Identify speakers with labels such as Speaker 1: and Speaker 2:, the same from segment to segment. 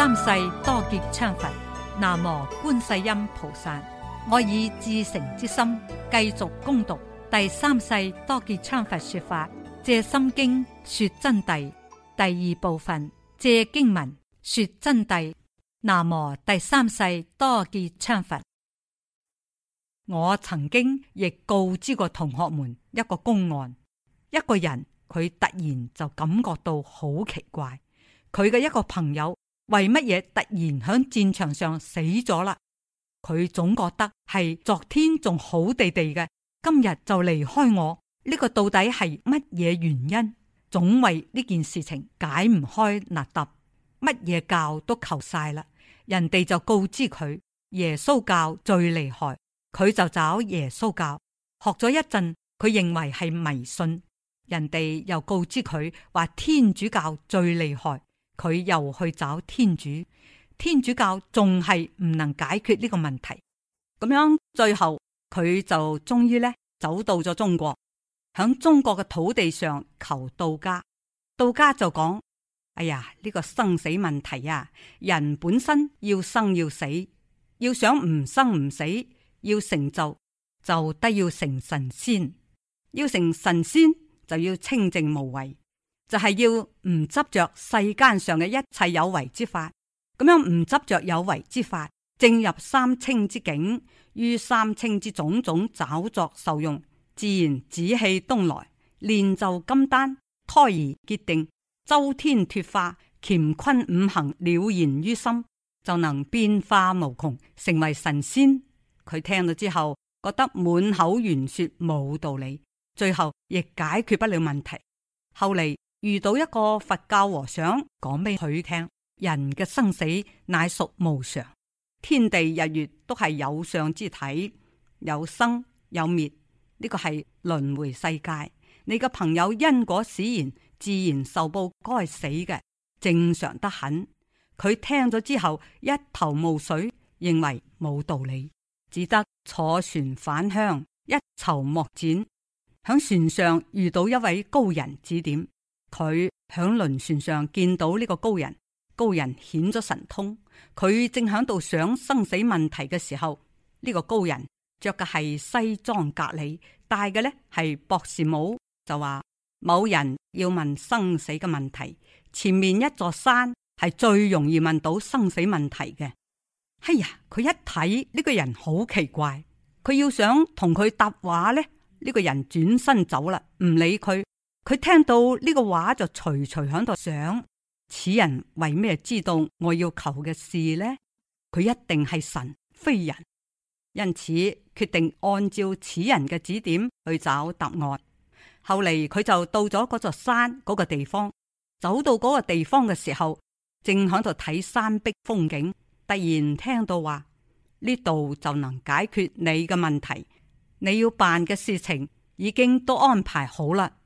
Speaker 1: 三世多杰羌佛，南無觀世音菩薩。我以至誠之心繼續攻讀第三世多杰羌佛說法，藉心經說真諦第二部分，藉經文說真諦。南無第三世多杰羌佛。我曾經亦告知過同學們一個公案：一個人佢突然就感覺到好奇怪，佢嘅一個朋友。為乜嘢突然喺戰場上死咗啦？佢總覺得係昨天仲好地地嘅，今日就離開我。呢個到底係乜嘢原因？總為呢件事情解唔開納答。乜嘢教都求晒啦，人哋就告知佢耶穌教最厲害，佢就找耶穌教學咗一陣，佢認為係迷信。人哋又告知佢話天主教最厲害。佢又去找天主，天主教仲係唔能解決呢個問題，咁樣最後佢就終於咧走到咗中國，響中國嘅土地上求道家，道家就講：哎呀，呢個生死問題啊，人本身要生要死，要想唔生唔死，要成就就得要成神仙，要成神仙就要清淨無為。就係要唔執着世間上嘅一切有為之法，咁樣唔執着有為之法，正入三清之境，於三清之種種找作受用，自然紫氣東來，煉就金丹，胎兒結定，周天脫化，乾坤五行了然於心，就能變化無窮，成為神仙。佢聽到之後，覺得滿口玄說冇道理，最後亦解決不了問題。後嚟。遇到一個佛教和尚，講俾佢聽：人嘅生死乃屬無常，天地日月都係有相之體，有生有滅，呢個係輪回世界。你嘅朋友因果使然，自然受報，該死嘅，正常得很。佢聽咗之後，一頭霧水，認為冇道理，只得坐船返鄉，一籌莫展。響船上遇到一位高人指點。佢喺輪船上見到呢個高人，高人顯咗神通。佢正響度想生死問題嘅時候，呢、這個高人着嘅係西裝革履，戴嘅呢係博士帽，就話某人要問生死嘅問題。前面一座山係最容易問到生死問題嘅。哎呀，佢一睇呢、這個人好奇怪，佢要想同佢搭話呢，呢、這個人轉身走啦，唔理佢。佢聽到呢個話就隨隨響度想，此人為咩知道我要求嘅事呢？佢一定係神，非人，因此決定按照此人嘅指點去找答案。後嚟佢就到咗嗰座山嗰個地方，走到嗰個地方嘅時候，正響度睇山壁風景，突然聽到話，呢度就能解決你嘅問題，你要辦嘅事情已經都安排好啦。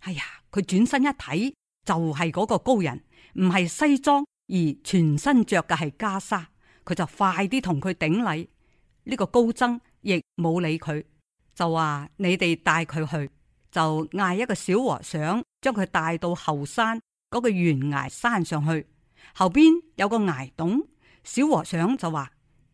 Speaker 1: 哎呀！佢轉身一睇，就係、是、嗰個高人，唔係西裝，而全身着嘅係袈裟。佢就快啲同佢頂禮。呢、這個高僧亦冇理佢，就話你哋帶佢去，就嗌一個小和尚將佢帶到後山嗰、那個懸崖山上去。後邊有個崖洞，小和尚就話：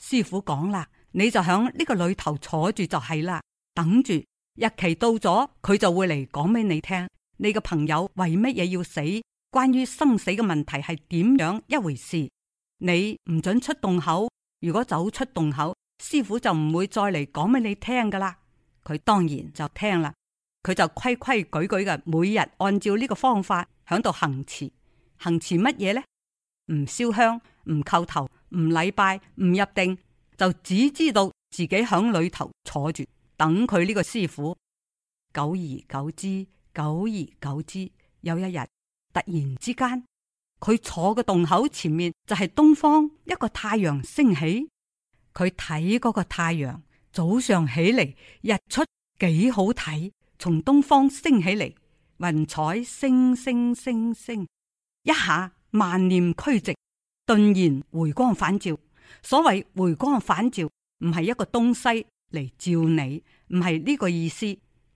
Speaker 1: 師傅講啦，你就響呢個裏頭坐住就係啦，等住。日期到咗，佢就會嚟講俾你聽。你個朋友為乜嘢要死？關於生死嘅問題係點樣一回事？你唔准出洞口。如果走出洞口，師傅就唔會再嚟講俾你聽噶啦。佢當然就聽啦。佢就規規矩矩嘅，每日按照呢個方法響度行持。行持乜嘢呢？唔燒香，唔叩頭，唔禮拜，唔入定，就只知道自己響裏頭坐住。等佢呢個師傅，久而久之，久而久之，有一日突然之間，佢坐嘅洞口前面就係東方一個太陽升起，佢睇嗰個太陽早上起嚟，日出幾好睇，從東方升起嚟，雲彩升升升升，一下萬念俱寂，頓然回光返照。所謂回光返照，唔係一個東西嚟照你唔係呢個意思，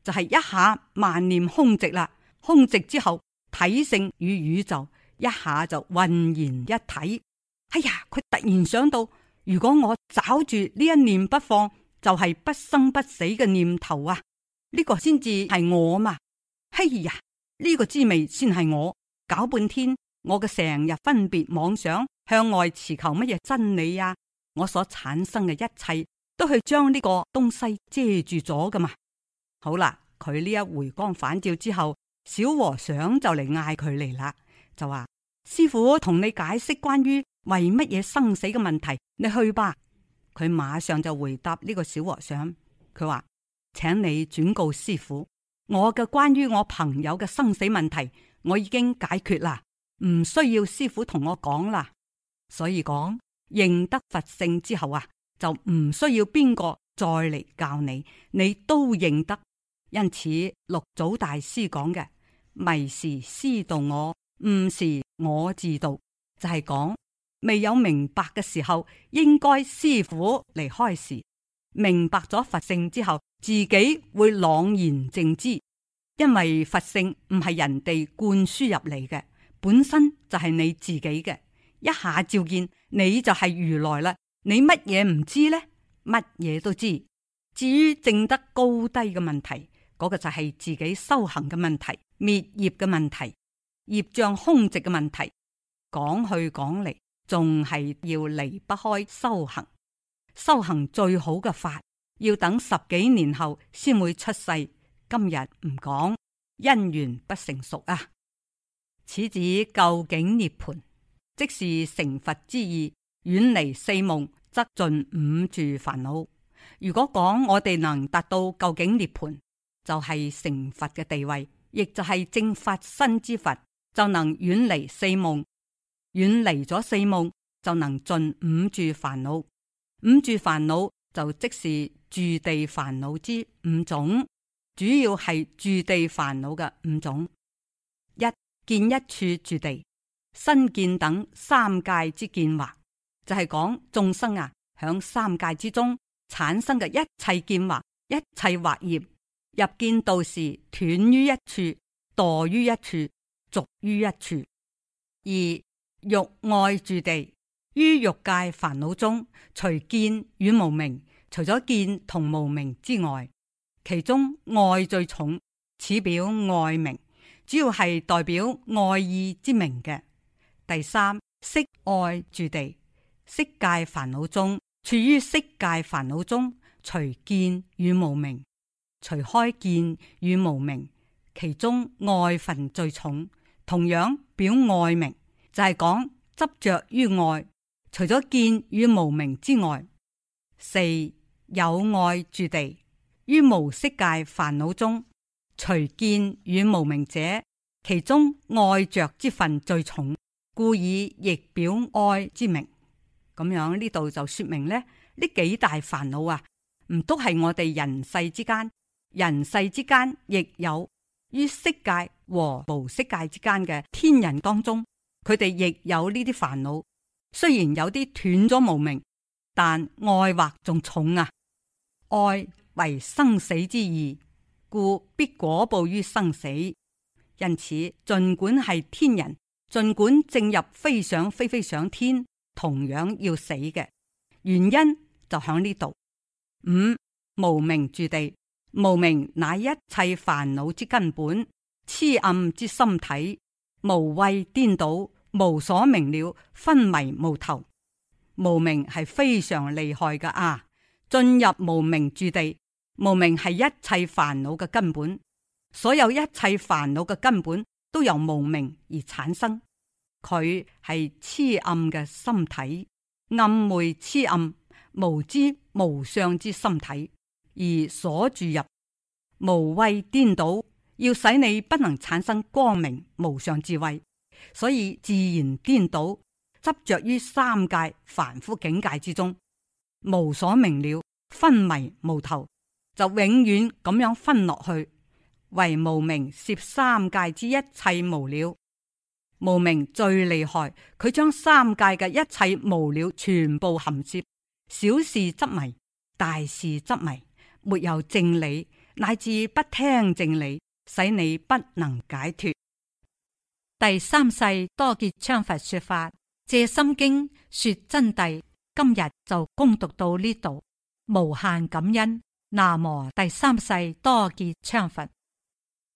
Speaker 1: 就係、是、一下萬念空寂啦，空寂之後體性與宇宙一下就渾然一體。哎呀，佢突然想到，如果我找住呢一念不放，就係、是、不生不死嘅念頭啊！呢、這個先至係我嘛。哎呀，呢、這個滋味先係我。搞半天，我嘅成日分別妄想，向外祈求乜嘢真理啊？我所產生嘅一切。都去將呢個東西遮住咗噶嘛？好啦，佢呢一回光返照之後，小和尚就嚟嗌佢嚟啦，就話，師父，同你解釋關於為乜嘢生死嘅問題，你去吧。佢馬上就回答呢個小和尚，佢話，請你轉告師父，我嘅關於我朋友嘅生死問題我已經解決啦，唔需要師父同我講啦。所以講認得佛性之後啊，就唔需要邊個再嚟教你，你都認得。因此六祖大師講嘅，「迷是師度我，悟是我自度」，就係講未有明白嘅時候，應該師父嚟開示；明白咗佛性之後，自己會朗然正知。因為佛性唔係人哋灌輸入嚟嘅，本身就係你自己嘅。一下照見，你就係如來啦。你乜嘢唔知呢？乜嘢都知。至於證得高低嘅問題，嗰個就係自己修行嘅問題，滅業嘅問題，業障空寂嘅問題。講去講嚟，仲係要離不開修行。修行最好嘅法，要等十幾年後先會出世。今日唔講，因緣不成熟啊。此指究竟涅槃，即是成佛之意。遠離四夢，則盡五住煩惱。如果講我哋能達到究竟涅盤，就係、是、成佛嘅地位，亦就係正法身之佛，就能遠離四夢。遠離咗四夢，就能盡五住煩惱。五住煩惱就即是住地煩惱之五種，主要係住地煩惱嘅五種。一見一處住地，身見等三界之見惑。就係講眾生啊，喺三界之中產生嘅一切見惑、一切惑業，入見道時斷於一處，墮於一處，俗於一處。二欲愛住地，於欲界煩惱中，除見與無明，除咗見同無明之外，其中愛最重，此表愛明，主要係代表愛意之明嘅。第三，識愛住地。色界煩惱中，處於色界煩惱中，除見與無明，除開見與無明。其中愛份最重。同樣表愛名，就係講執着於愛。除咗見與無明之外，四有愛住地於無色界煩惱中，除見與無明者，其中愛着之份最重，故以亦表愛之名。咁樣呢度就說明呢，呢幾大煩惱啊，唔都係我哋人世之間，人世之間亦有於色界和無色界之間嘅天人當中，佢哋亦有呢啲煩惱。雖然有啲斷咗無明，但愛惑仲重啊，愛為生死之意，故必果報於生死。因此，盡管係天人，盡管正入飛上飛飛上天。同樣要死嘅原因就喺呢度。五無明住地，無明乃一切煩惱之根本，痴暗之心體，無畏顛倒，無所明了，昏迷無頭。無明係非常厲害嘅啊！進入無明住地，無明係一切煩惱嘅根本，所有一切煩惱嘅根本都由無明而產生。佢係癡暗嘅心體，暗昧癡暗，無知無相之心體，而鎖住入無畏顛倒，要使你不能產生光明無上智慧，所以自然顛倒，執着於三界凡夫境界之中，無所明了，昏迷無頭，就永遠咁樣昏落去，為無明攝三界之一切無了。無明最厲害，佢將三界嘅一切無了全部含攝。小事執迷，大事執迷，沒有正理，乃至不聽正理，使你不能解脫。第三世多杰羌佛說法，借心經說真諦。今日就恭讀到呢度，無限感恩。南無第三世多杰羌佛。